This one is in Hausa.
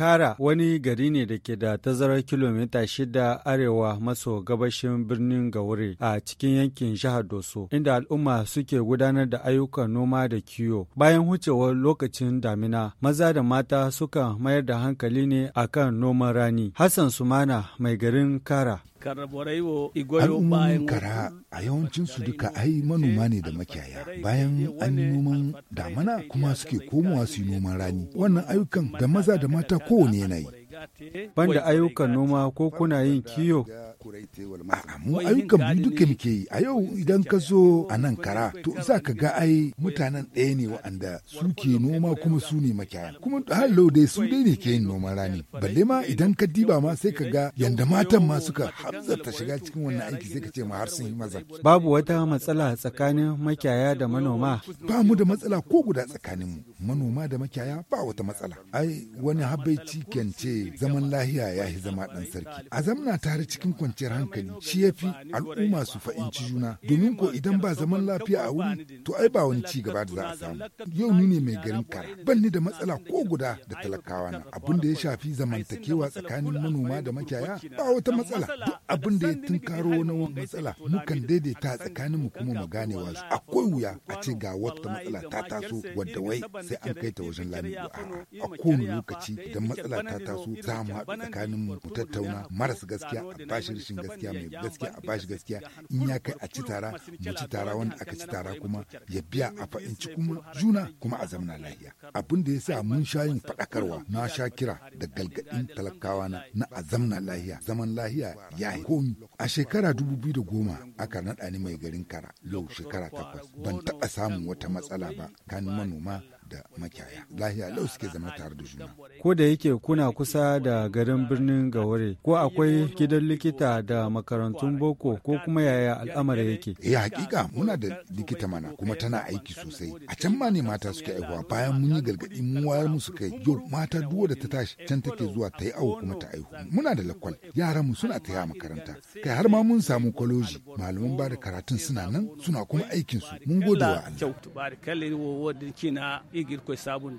Kara wani gari ne da ke da tazarar kilomita shida arewa maso gabashin birnin Gaure a cikin yankin jihar Doso, inda al'umma suke gudanar da ayyukan noma da kiwo. Bayan wucewar lokacin damina, maza da mata sukan mayar da hankali ne akan noman rani. Hassan Sumana mai garin Kara. al'ummomin kara a yawancin su duka ai manoma ne da makiyaya bayan an noman damana kuma suke komowa su yi noman rani wannan ayyukan da maza da mata kowane yanayi banda ayyukan noma ko kuna yin kiyo A'a mu ayyukan mu duka muke yi. A yau idan ka zo a nan kara to za ka ga ai mutanen ɗaya ne wa'anda suke noma kuma su ne makiyaya. Kuma hallo dai su dai ne ke yin noman rani. Balle ma idan ka diba ma sai ka ga yanda matan ma suka ta shiga cikin wannan aiki sai ka ce ma har sun yi maza. Babu wata matsala tsakanin makiyaya da manoma. Ba mu da matsala ko guda tsakaninmu. Manoma da makiyaya ba wata matsala. Ai wani habaici kyance zaman lahiya ya yi zama ɗan sarki. A zamna tare cikin kwanciyar hankali shi ya fi al'umma su fahimci juna domin ko idan ba zaman lafiya a wuri to ai ba wani ci gaba da za a samu yau ni ne mai garin kara ban ni da matsala ko guda da talakawa na abin da ya shafi zamantakewa tsakanin manoma da makiyaya ba wata matsala duk abin da ya tunkaro wani matsala mukan daidaita tsakanin mu kuma mu ganewa wasu akwai wuya a ce ga wata matsala ta taso wadda wai sai an kai ta wajen lamido a kowane lokaci idan matsala ta taso za mu haɗu tsakanin mu tattauna marasa gaskiya a bashin rashin gaskiya mai gaskiya a bashi gaskiya in ya kai a ci tara mu ci tara wanda aka ci tara kuma ya biya a fa'inci kuma juna kuma a zamana lahiya abin da ya sa mun sha yin faɗakarwa na sha kira da galgadin talakawa na na a zamana lahiya zaman lahiya ya yi komi a shekara dubu biyu da goma aka naɗa ni mai garin kara yau shekara takwas ban taɓa samun wata matsala ba kan manoma da makiyaya lahiya lau suke zama tare da juna ko da yake kuna kusa da garin birnin gaware ko akwai gidan likita da makarantun boko ko kuma yaya al'amari yake eh hakika muna da likita mana kuma tana aiki sosai a can ma ne mata suke aihuwa bayan mun yi gargaɗi mun wayar musu kai yau mata duwa da ta tashi can take zuwa ta yi awo kuma ta aihu muna da lakwal yaran mu suna taya makaranta kai har ma mun samu kwaloji malaman ba da karatun suna nan suna kuma aikinsu. su mun gode wa Allah igir ko sabunda